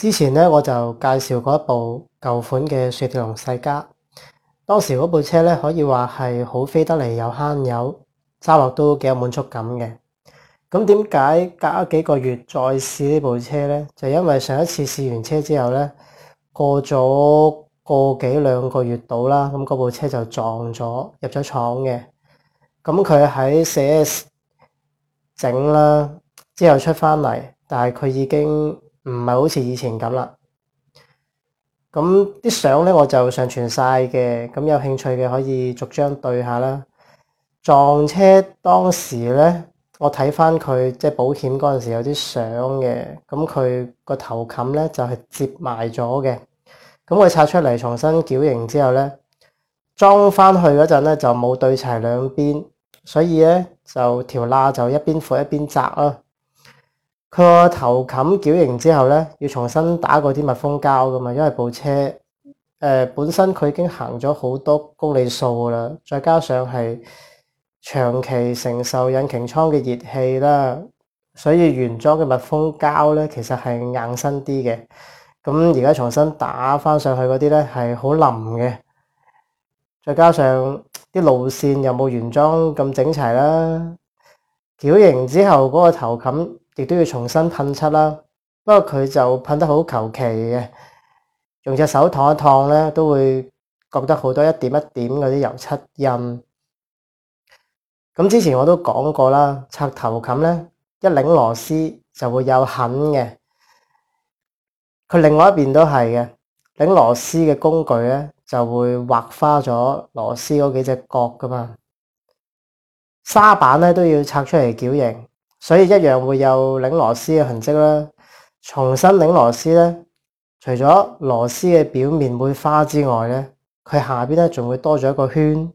之前咧我就介紹過一部舊款嘅雪鐵龍世嘉。當時嗰部車咧可以話係好飛得嚟又慳油，揸落都幾有滿足感嘅。咁點解隔咗幾個月再試呢部車咧？就因為上一次試完車之後咧，過咗個幾兩個月到啦，咁嗰部車就撞咗入咗廠嘅。咁佢喺四 S 整啦，之後出翻嚟，但係佢已經，唔係好似以前咁啦，咁啲相咧我就上傳晒嘅，咁有興趣嘅可以逐張對下啦。撞車當時咧，我睇翻佢即係保險嗰陣時有啲相嘅，咁佢個頭冚咧就係折埋咗嘅，咁佢拆出嚟重新矯形之後咧，裝翻去嗰陣咧就冇對齊兩邊，所以咧就條罅就一邊闊一邊窄咯。佢個頭冚矯形之後咧，要重新打過啲密封膠噶嘛，因為部車誒、呃、本身佢已經行咗好多公里數啦，再加上係長期承受引擎艙嘅熱氣啦，所以原裝嘅密封膠咧其實係硬身啲嘅，咁而家重新打翻上去嗰啲咧係好腍嘅，再加上啲路線又冇原裝咁整齊啦，矯形之後嗰個頭冚。亦都要重新噴漆啦，不過佢就噴得好求其嘅，用隻手燙一燙咧，都會覺得好多一點一點嗰啲油漆印。咁之前我都講過啦，拆頭冚咧一擰螺絲就會有痕嘅，佢另外一邊都係嘅，擰螺絲嘅工具咧就會劃花咗螺絲嗰幾隻角㗎嘛。沙板咧都要拆出嚟矯形。所以一樣會有擰螺絲嘅痕跡啦。重新擰螺絲咧，除咗螺絲嘅表面會花之外咧，佢下邊咧仲會多咗一個圈。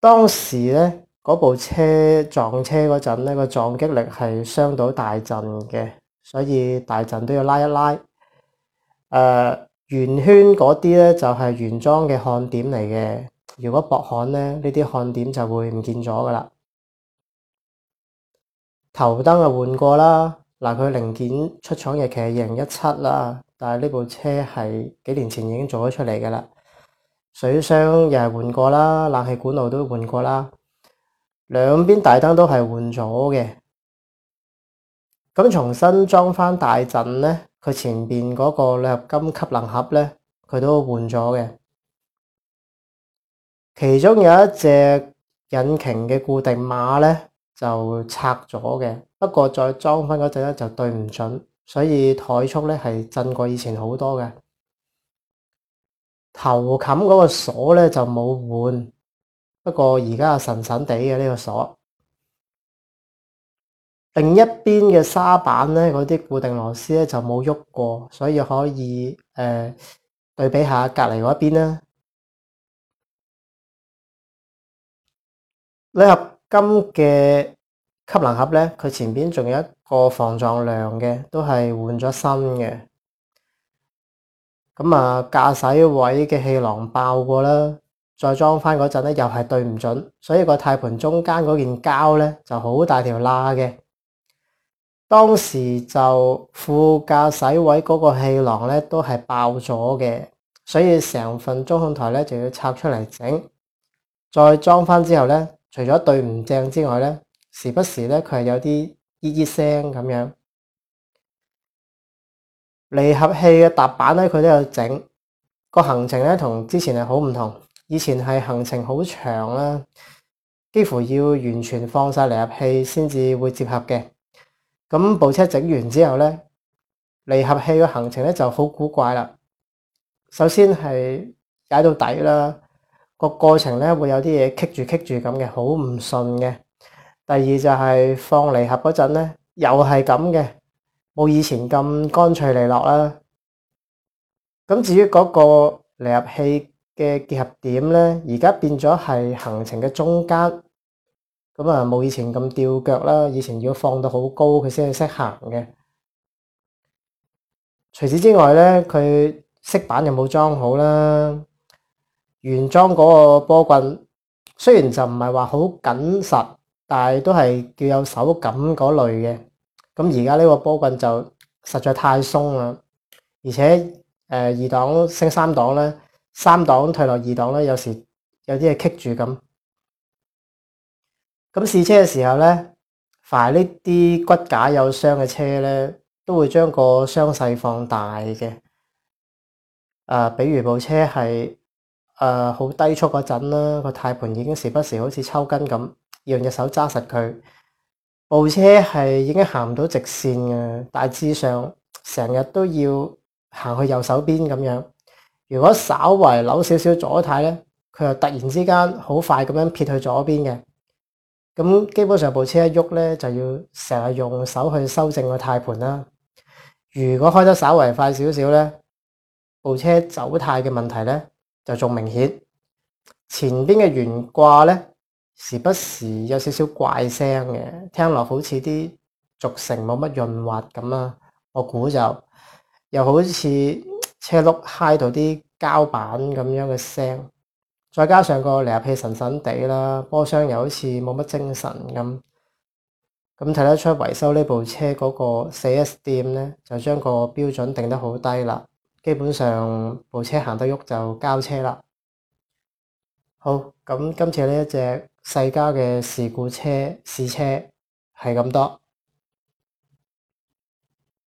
當時咧部車撞車嗰陣咧，個撞擊力係傷到大陣嘅，所以大陣都要拉一拉。誒、呃，圓圈嗰啲咧就係原裝嘅焊點嚟嘅。如果薄焊咧，呢啲焊點就會唔見咗噶啦。頭燈啊換過啦，嗱佢零件出廠日期係二零一七啦，但係呢部車係幾年前已經做咗出嚟嘅啦。水箱又係換過啦，冷氣管路都換過啦，兩邊大燈都係換咗嘅。咁重新裝翻大陣呢，佢前邊嗰個鋁合金吸能盒呢，佢都換咗嘅。其中有一隻引擎嘅固定碼呢。就拆咗嘅，不過再裝翻嗰陣咧就對唔準，所以台速咧係震過以前好多嘅。頭冚嗰個鎖咧就冇換，不過而家神神地嘅呢個鎖。另一邊嘅沙板咧，嗰啲固定螺絲咧就冇喐過，所以可以誒、呃、對比下隔籬嗰一邊啦。呢一金嘅吸能盒呢，佢前邊仲有一個防撞梁嘅，都係換咗新嘅。咁啊，駕駛位嘅氣囊爆過啦，再裝翻嗰陣呢，又係對唔準，所以個軚盤中間嗰件膠呢，就好大條罅嘅。當時就副駕駛位嗰個氣囊呢，都係爆咗嘅，所以成份中控台呢，就要拆出嚟整，再裝翻之後呢。除咗對唔正之外呢，時不時呢，佢係有啲咦咦聲咁樣，離合器嘅踏板呢，佢都有整，個行程呢同之前係好唔同，以前係行程好長啦，幾乎要完全放晒離合器先至會接合嘅。咁部車整完之後呢，離合器嘅行程呢就好古怪啦。首先係踩到底啦。個過程咧，會有啲嘢，棘住棘住咁嘅，好唔順嘅。第二就係放離合嗰陣咧，又係咁嘅，冇以前咁乾脆利落啦。咁至於嗰個離合器嘅結合點咧，而家變咗係行程嘅中間，咁啊冇以前咁吊腳啦。以前要放到好高佢先至識行嘅。除此之外咧，佢色板又冇裝好啦。原裝嗰個波棍雖然就唔係話好緊實，但係都係叫有手感嗰類嘅。咁而家呢個波棍就實在太鬆啦，而且誒、呃、二檔升三檔咧，三檔退落二檔咧，有時有啲嘢棘住咁。咁試車嘅時候咧，凡係呢啲骨架有傷嘅車咧，都會將個傷勢放大嘅。啊、呃，比如部車係。誒好、呃、低速嗰陣啦，個軚盤已經時不時好似抽筋咁，要用隻手揸實佢。部車係已經行唔到直線嘅，大致上成日都要行去右手邊咁樣。如果稍為扭少少左軚咧，佢又突然之間好快咁樣撇去左邊嘅。咁基本上部車一喐咧，就要成日用手去修正個軚盤啦。如果開得稍為快少少咧，部車走軚嘅問題咧，就仲明顯，前邊嘅懸掛咧，時不時有少少怪聲嘅，聽落好似啲軸承冇乜潤滑咁啦。我估就又好似車轆嗨到啲膠板咁樣嘅聲，再加上個離合器神神地啦，波箱又好似冇乜精神咁，咁睇得出維修呢部車嗰個 4S 店咧就將個標準定得好低啦。基本上部車行得喐就交車啦。好，咁今次呢一隻世嘉嘅事故車試車係咁多。